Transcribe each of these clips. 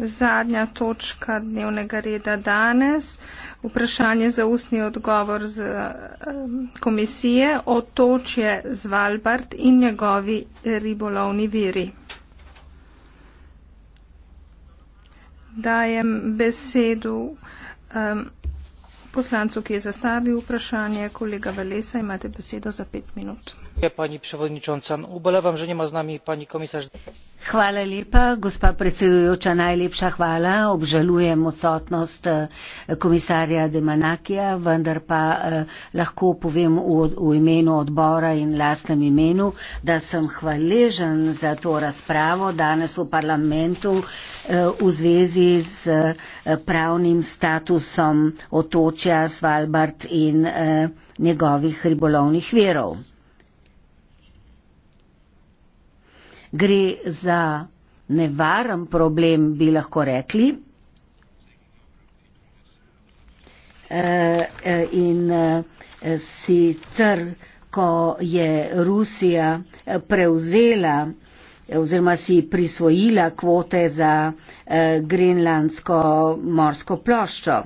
Zadnja točka dnevnega reda danes, vprašanje za ustni odgovor z eh, komisije o točje Zvalbard in njegovi ribolovni viri. Dajem besedu um, ehm, poslancu, ki je zastavil vprašanje. Kolega Valesa, imate besedo za pet minut. Je, pani predsednica, obolevam, no, že nima z nami pani komisar. Hvala lepa, gospa predsedujoča, najlepša hvala. Obžalujem odsotnost eh, komisarja Demanakija, vendar pa eh, lahko povem v, v imenu odbora in lastnem imenu, da sem hvaležen za to razpravo danes v parlamentu eh, v zvezi z eh, pravnim statusom otočja Svalbard in eh, njegovih ribolovnih verov. gre za nevaren problem, bi lahko rekli. Eh, eh, in eh, sicer, ko je Rusija prevzela oziroma si prisvojila kvote za grenlandsko morsko ploščo.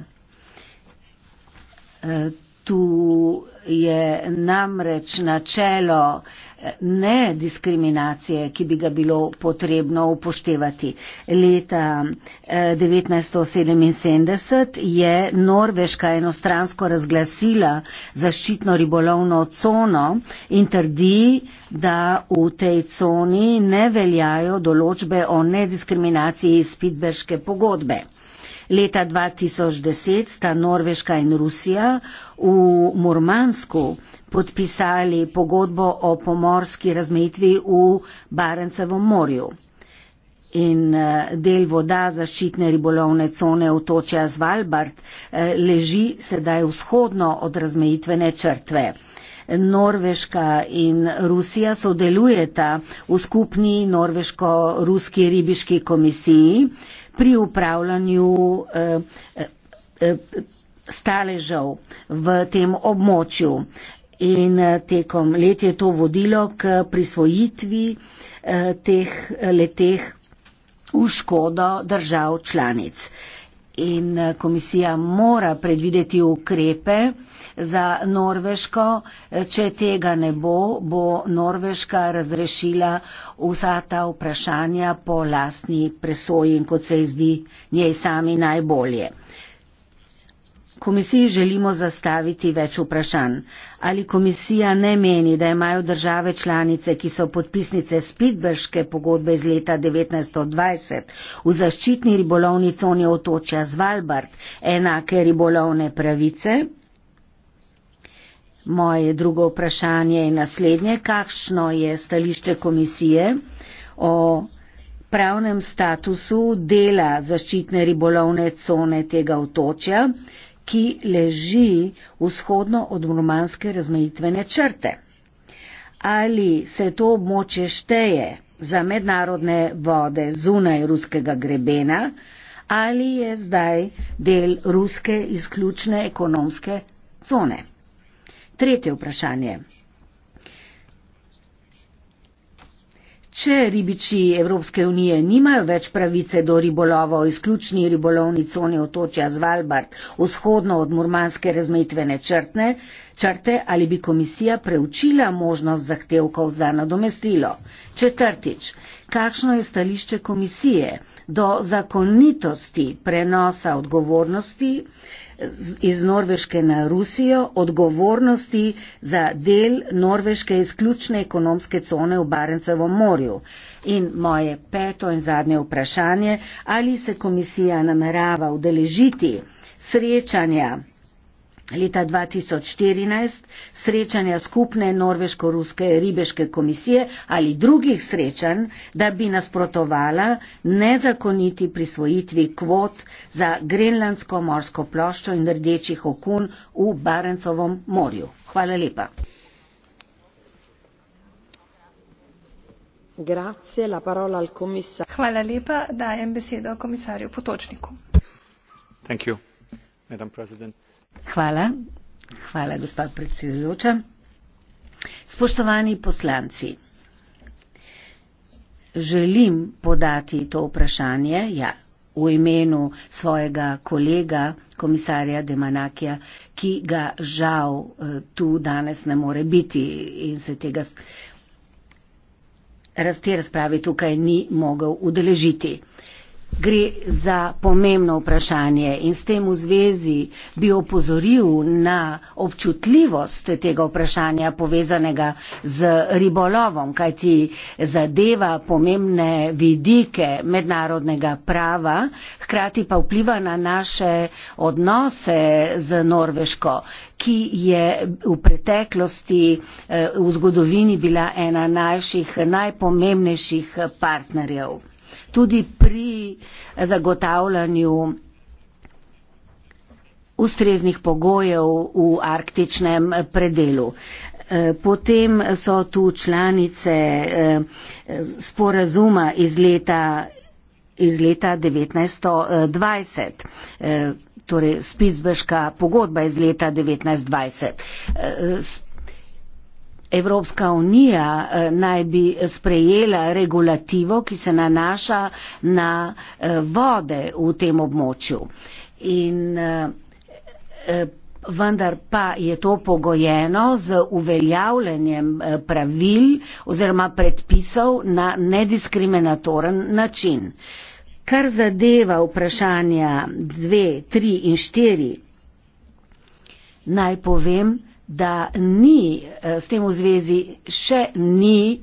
Tu je namreč načelo eh, ne diskriminacije, ki bi ga bilo potrebno upoštevati. Leta 1977 eh, je Norveška enostransko razglasila zaščitno ribolovno cono in trdi, da v tej coni ne veljajo določbe o nediskriminaciji iz Pitbeške pogodbe. Leta 2010 sta Norveška in Rusija v Murmansku podpisali pogodbo o pomorski razmetvi v Barencevom morju. In eh, del voda zaščitne ribolovne cone otočja Zvalbard eh, leži sedaj vzhodno od razmejitvene črtve. Norveška in Rusija sodelujeta v skupni norveško-ruski ribiški komisiji, pri upravljanju eh, eh, staležev v tem območju. In eh, tekom let je to vodilo k prisvojitvi teh leteh v škodo držav članic in eh, komisija mora predvideti ukrepe za Norveško. Eh, če tega ne bo, bo Norveška razrešila vsa ta vprašanja po lastni presoji in kot se zdi njej sami najbolje. Komisiji želimo zastaviti več vprašanj. Ali komisija ne meni, da imajo države članice, ki so podpisnice Spitbrške pogodbe iz leta 1920 v zaščitni ribolovni coni otočja Zvalbard, enake ribolovne pravice? Moje drugo vprašanje je naslednje. Kakšno je stališče komisije o pravnem statusu dela zaščitne ribolovne cone tega otočja? ki leži vzhodno od romanske razmejitvene črte. Ali se to območje šteje za mednarodne vode zunaj ruskega grebena ali je zdaj del ruske izključne ekonomske cone? Tretje vprašanje. Če ribiči Evropske unije nimajo več pravice do ribolova v izključni ribolovni coni otočja Zvalbard, vzhodno od Murmanske razmetvene črtne, črte ali bi komisija preučila možnost zahtevkov za nadomestilo? Četrtič, kakšno je stališče komisije do zakonitosti prenosa odgovornosti iz Norveške na Rusijo, odgovornosti za del Norveške izključne ekonomske cone v Barencevom morju. In moje peto in zadnje vprašanje, ali se komisija namerava udeležiti srečanja Leta 2014 srečanja skupne norveško-ruske ribeške komisije ali drugih srečanj, da bi nasprotovala nezakoniti prisvojitvi kvot za grenlandsko morsko ploščo in rdečih okun v Barencovom morju. Hvala lepa. Grazie, la parola al komisar. Hvala lepa, dajem besedo komisarju Potočniku. Thank you, madam president. Hvala. Hvala, gospa predsedujoča. Spoštovani poslanci, želim podati to vprašanje ja, v imenu svojega kolega, komisarja Demanakija, ki ga žal eh, tu danes ne more biti in se tega raz te razprave tukaj ni mogel udeležiti gre za pomembno vprašanje in s tem v zvezi bi opozoril na občutljivost tega vprašanja povezanega z ribolovom, kajti zadeva pomembne vidike mednarodnega prava, hkrati pa vpliva na naše odnose z Norveško, ki je v preteklosti eh, v zgodovini bila ena najših, najpomembnejših partnerjev tudi pri zagotavljanju ustreznih pogojev v arktičnem predelu. E, potem so tu članice e, sporazuma iz leta, iz leta 1920, e, torej Spitsbeška pogodba iz leta 1920. Evropska unija eh, naj bi sprejela regulativo, ki se nanaša na eh, vode v tem območju. In, eh, vendar pa je to pogojeno z uveljavljanjem pravil oziroma predpisov na nediskriminatoren način. Kar zadeva vprašanja 2, 3 in 4, naj povem, da ni eh, s tem v zvezi še ni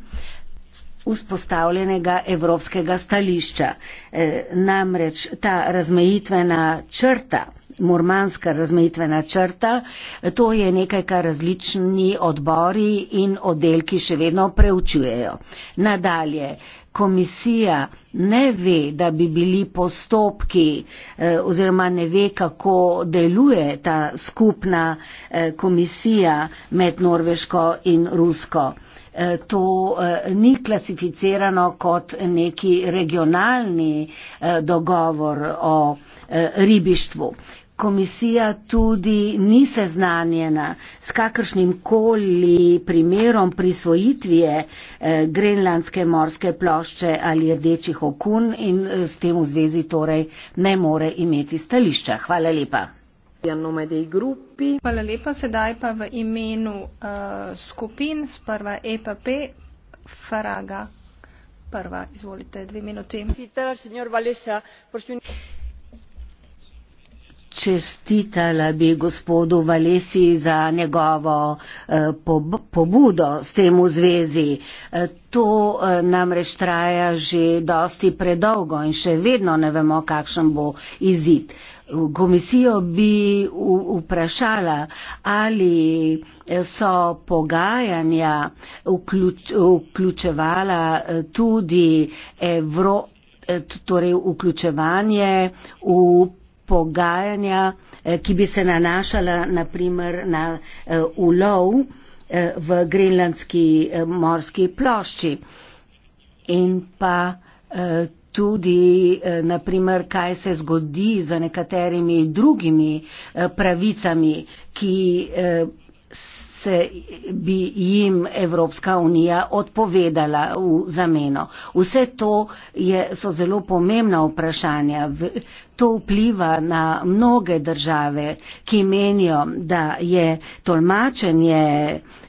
vzpostavljenega evropskega stališča. Eh, namreč ta razmejitvena črta, mormanska razmejitvena črta, eh, to je nekaj, kar različni odbori in oddelki še vedno preučujejo. Nadalje, komisija ne ve, da bi bili postopki eh, oziroma ne ve, kako deluje ta skupna eh, komisija med Norveško in Rusko. Eh, to ni klasificirano kot neki regionalni dogovor o ribištvu komisija tudi ni seznanjena s kakršnim koli primerom prisvojitvije eh, grenlandske morske plošče ali rdečih okun in eh, s tem v zvezi torej ne more imeti stališča. Hvala lepa. Ja, no, Hvala lepa, sedaj pa v imenu eh, skupin s prva EPP Faraga. Prva, izvolite, dve minuti čestitala bi gospodu Valesi za njegovo eh, pobudo s tem v zvezi. Eh, to eh, namreč traja že dosti predolgo in še vedno ne vemo, kakšen bo izid. Komisijo bi vprašala, ali so pogajanja vključevala tudi Evro, torej vključevanje v pogajanja, eh, ki bi se nanašala naprimer na eh, ulov eh, v grenlandski morski plošči in pa tudi naprimer, kaj se zgodi za nekaterimi drugimi pravicami, ki se bi jim Evropska unija odpovedala v zameno. Vse to je, so zelo pomembna vprašanja. To vpliva na mnoge države, ki menijo, da je tolmačenje,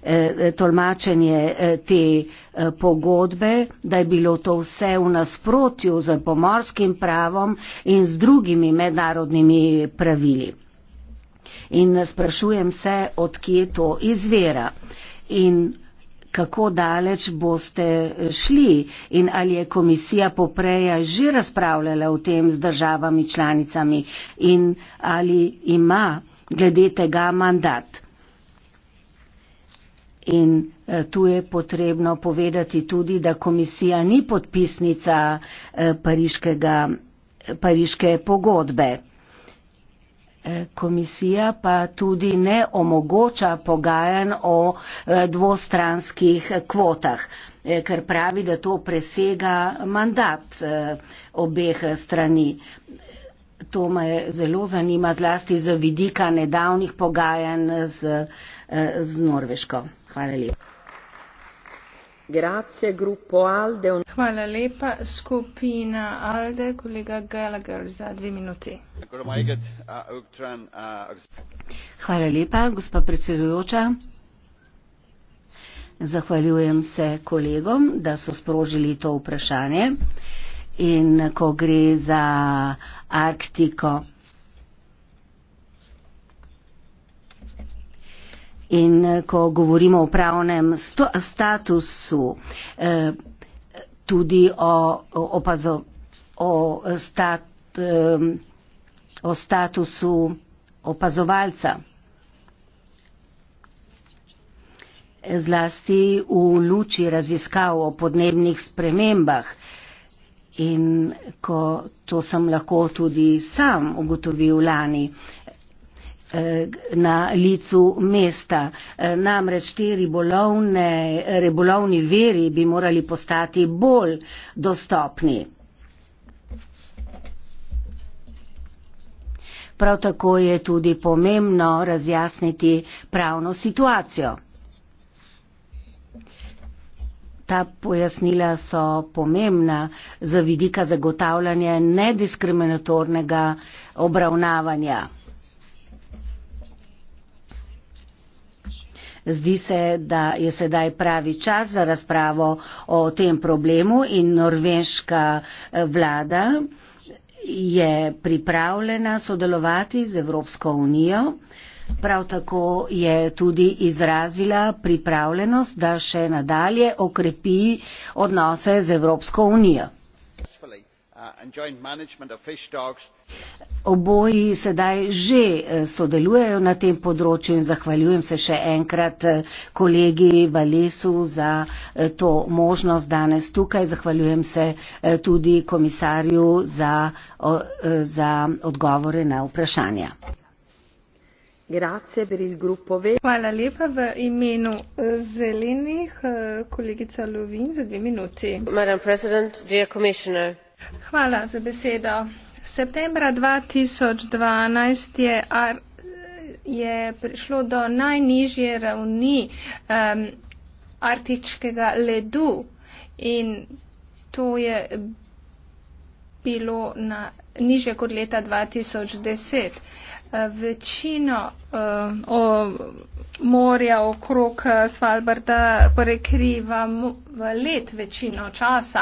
eh, tolmačenje eh, te eh, pogodbe, da je bilo to vse v nasprotju z pomorskim pravom in z drugimi mednarodnimi pravili in sprašujem se, odkje to izvira in kako daleč boste šli in ali je komisija popreja že razpravljala o tem z državami članicami in ali ima glede tega mandat. In eh, tu je potrebno povedati tudi, da komisija ni podpisnica eh, pariške pogodbe. Eh, komisija pa tudi ne omogoča pogajanj o eh, dvostranskih kvotah, eh, ker pravi, da to presega mandat obeh strani. To me zelo zanima, zlasti z vidika nedavnih pogajanj z, z Norveško. Hvala lepa. Hvala lepa. Skupina Alde, kolega Gallagher za dve minuti. Hvala lepa, gospa predsedujoča. Zahvaljujem se kolegom, da so sprožili to vprašanje. In ko gre za Arktiko, In eh, ko govorimo o pravnem sto, statusu, eh, tudi o, o, opazo, o, stat, o statusu opazovalca. Zlasti v luči raziskav o podnebnih spremembah in ko to sem lahko tudi sam ugotovil lani. Eh, Eh, na licu mesta. Eh, namreč ti ribolovni veri bi morali postati bolj dostopni. Prav tako je tudi pomembno razjasniti pravno situacijo. Ta pojasnila so pomembna za vidika zagotavljanja nediskriminatornega obravnavanja. Zdi se, da je sedaj pravi čas za razpravo o tem problemu in norveška eh, vlada je pripravljena sodelovati z Evropsko unijo. Prav tako je tudi izrazila pripravljenost, da še nadalje okrepi odnose z Evropsko unijo. Hvala. Uh, oboji sedaj že eh, sodelujejo na tem področju in zahvaljujem se še enkrat eh, kolegi Valesu za eh, to možnost danes tukaj. Zahvaljujem se tudi komisarju za, za odgovore na vprašanja. Hvala lepa v imenu zelenih, kolegica Lovin, za dve minuti. Hvala za besedo. Septembra 2012 je, ar, je prišlo do najnižje ravni um, arktičkega ledu in to je bilo na niže kot leta 2010. Večino uh, o, morja okrog eh, Svalbarda prekriva let večino časa,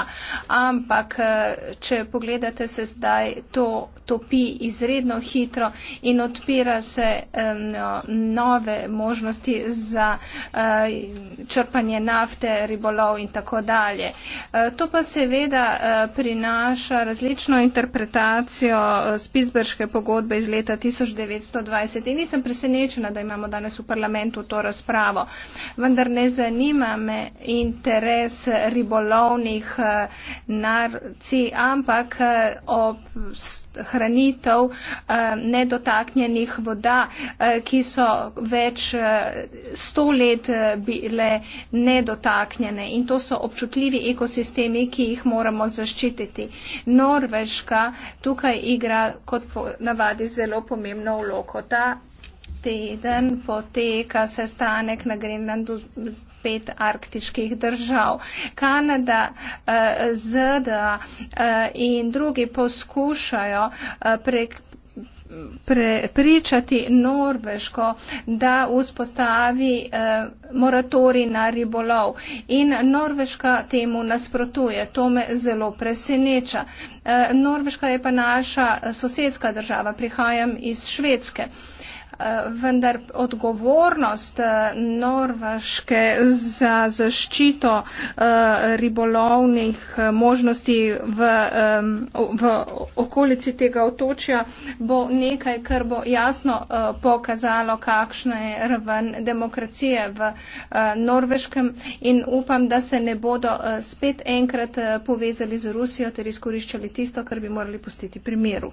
ampak eh, če pogledate se zdaj, to topi izredno hitro in odpira se um, nove možnosti za uh, črpanje nafte, ribolov in tako dalje. Uh, to pa seveda uh, prinaša različno interpretacijo ratifikacijo eh, Spisberške pogodbe iz leta 1920 in nisem presenečena, da imamo danes v parlamentu to razpravo. Vendar ne zanima me interes ribolovnih eh, narci, ampak eh, ob hranitev nedotaknjenih voda, ki so več sto let bile nedotaknjene in to so občutljivi ekosistemi, ki jih moramo zaščititi. Norveška, tukaj tukaj igra kot navadi zelo pomembno vlogo. Ta teden poteka sestanek na Grenlandu pet arktiških držav. Kanada, eh, ZDA eh, in drugi poskušajo eh, prek, pre, pričati Norveško, da uspostavi eh, moratori na ribolov. In Norveška temu nasprotuje, to me zelo preseneča. Eh, Norveška je pa naša eh, sosedska država, prihajam iz Švedske. Eh, Eh, vendar odgovornost eh, Norveške za zaščito eh, ribolovnih možnosti v, v okolici tega otočja bo nekaj, kar bo jasno pokazalo, kakšna je raven demokracije v Norveškem in upam, da se ne bodo spet enkrat povezali z Rusijo ter izkoriščali tisto, kar bi morali postiti pri miru.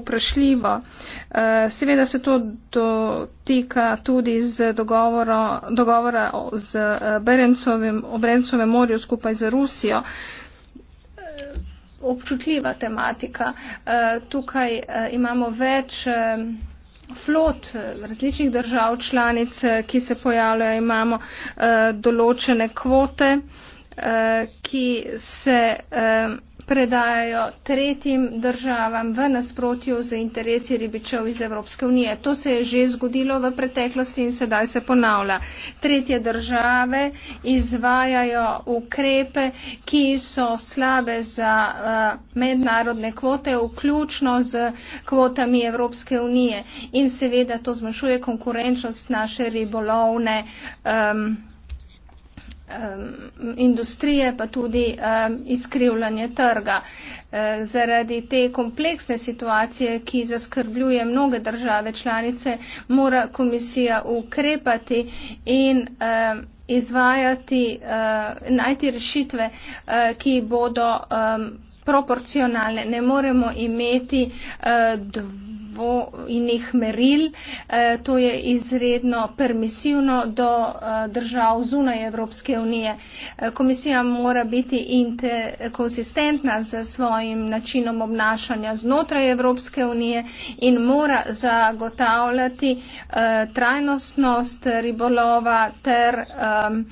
vprašljivo. Eh, seveda se to dotika tudi z dogovoro, dogovora z eh, Berencovem morju skupaj z Rusijo. Eh, občutljiva tematika. Tukaj imamo več flot različnih držav članic, ki se pojavljajo, imamo določene kvote, ki se predajajo tretjim državam v nasprotju z interesi ribičev iz Evropske unije. To se je že zgodilo v preteklosti in sedaj se ponavlja. Tretje države izvajajo ukrepe, ki so slabe za eh, mednarodne kvote, vključno z kvotami Evropske unije. In seveda to zmanjšuje konkurenčnost naše ribolovne. Um, industrije, pa tudi izkrivljanje trga. E, zaradi te kompleksne situacije, ki zaskrbljuje mnoge države članice, mora komisija ukrepati in izvajati, najti rešitve, e, ki bodo proporcionalne. Ne moremo imeti e, dve bo in jih meril. E, to je izredno permisivno do e, držav zunaj Evropske unije. E, komisija mora biti konsistentna z svojim načinom obnašanja znotraj Evropske unije in mora zagotavljati trajnostnost ribolova ter um,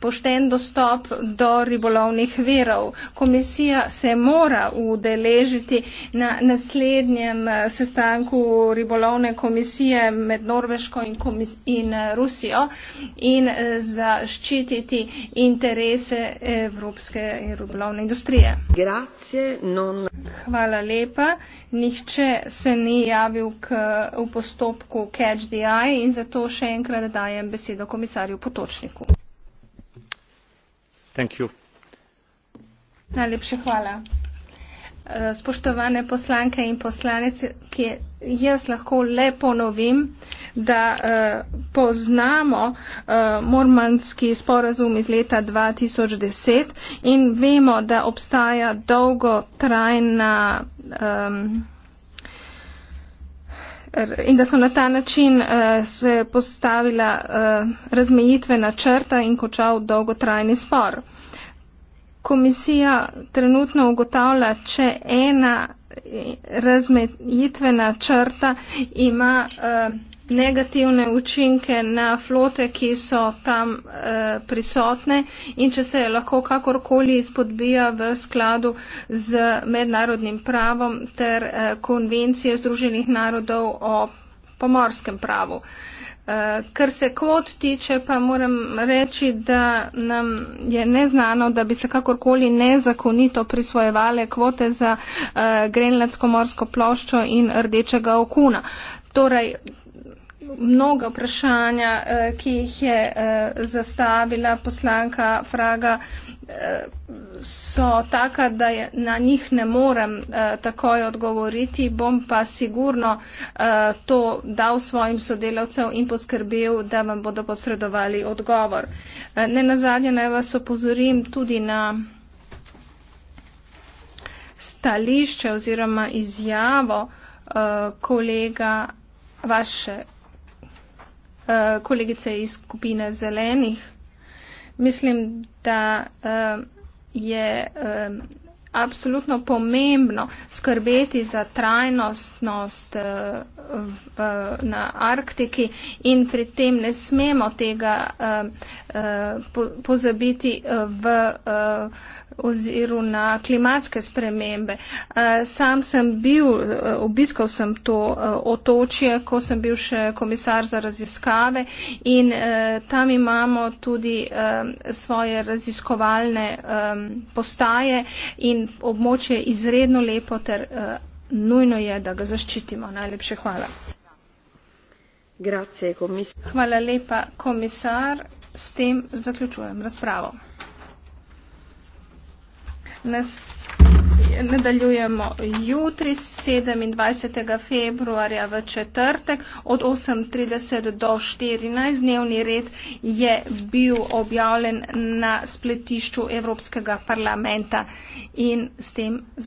pošten dostop do ribolovnih verov. Komisija se mora udeležiti na naslednjem eh, sestanku ribolovne komisije med Norveško in, komis in eh, Rusijo in eh, zaščititi interese evropske ribolovne industrije. Grazie, non... Hvala lepa. Nihče se ni javil k, v postopku Catch the Eye in zato še enkrat dajem besedo komisarju Potočniku. Najlepša hvala. Eh, spoštovane poslanke in poslanec, ki jaz lahko le ponovim, da eh, poznamo eh, mormanski sporazum iz leta 2010 in vemo, da obstaja dolgotrajna. Um, in da so na ta način uh, se postavila uh, razmejitvena črta in končal dolgotrajni spor. Komisija trenutno ugotavlja, če ena eh, razmejitvena črta ima uh, negativne učinke na flote, ki so tam e, prisotne in če se lahko kakorkoli izpodbija v skladu z mednarodnim pravom ter e, konvencije Združenih narodov o pomorskem pravu. E, kar se kvot tiče, pa moram reči, da nam je neznano, da bi se kakorkoli nezakonito prisvojevale kvote za e, Grenlandsko morsko ploščo in Rdečega okuna. Torej, mnoga vprašanja, eh, ki jih je eh, zastavila poslanka Fraga, eh, so taka, da na njih ne morem takoj odgovoriti. Bom pa sigurno to dal svojim sodelavcem in poskrbel, da vam bodo posredovali odgovor. Ne nazadnje naj vas opozorim tudi na stališče oziroma izjavo kolega vaše Eh, kolegice iz skupine zelenih. Mislim, da eh, je eh, absolutno pomembno skrbeti za trajnostnost v, na Arktiki in pri tem ne smemo tega uh, po, pozabiti eh, v uh, oziru na klimatske spremembe. Uh, sam sem bil, uh, obiskal sem to uh, otočje, ko sem bil še komisar za raziskave in uh, tam imamo tudi uh, svoje raziskovalne um, postaje in območje izredno lepo ter uh, nujno je, da ga zaščitimo. Najlepše hvala. Grazie, hvala lepa, komisar. S tem zaključujem razpravo. Nas nadaljujemo jutri 27. februarja v četrtek od 8.30 do 14. Dnevni red je bil objavljen na spletišču Evropskega parlamenta in s tem.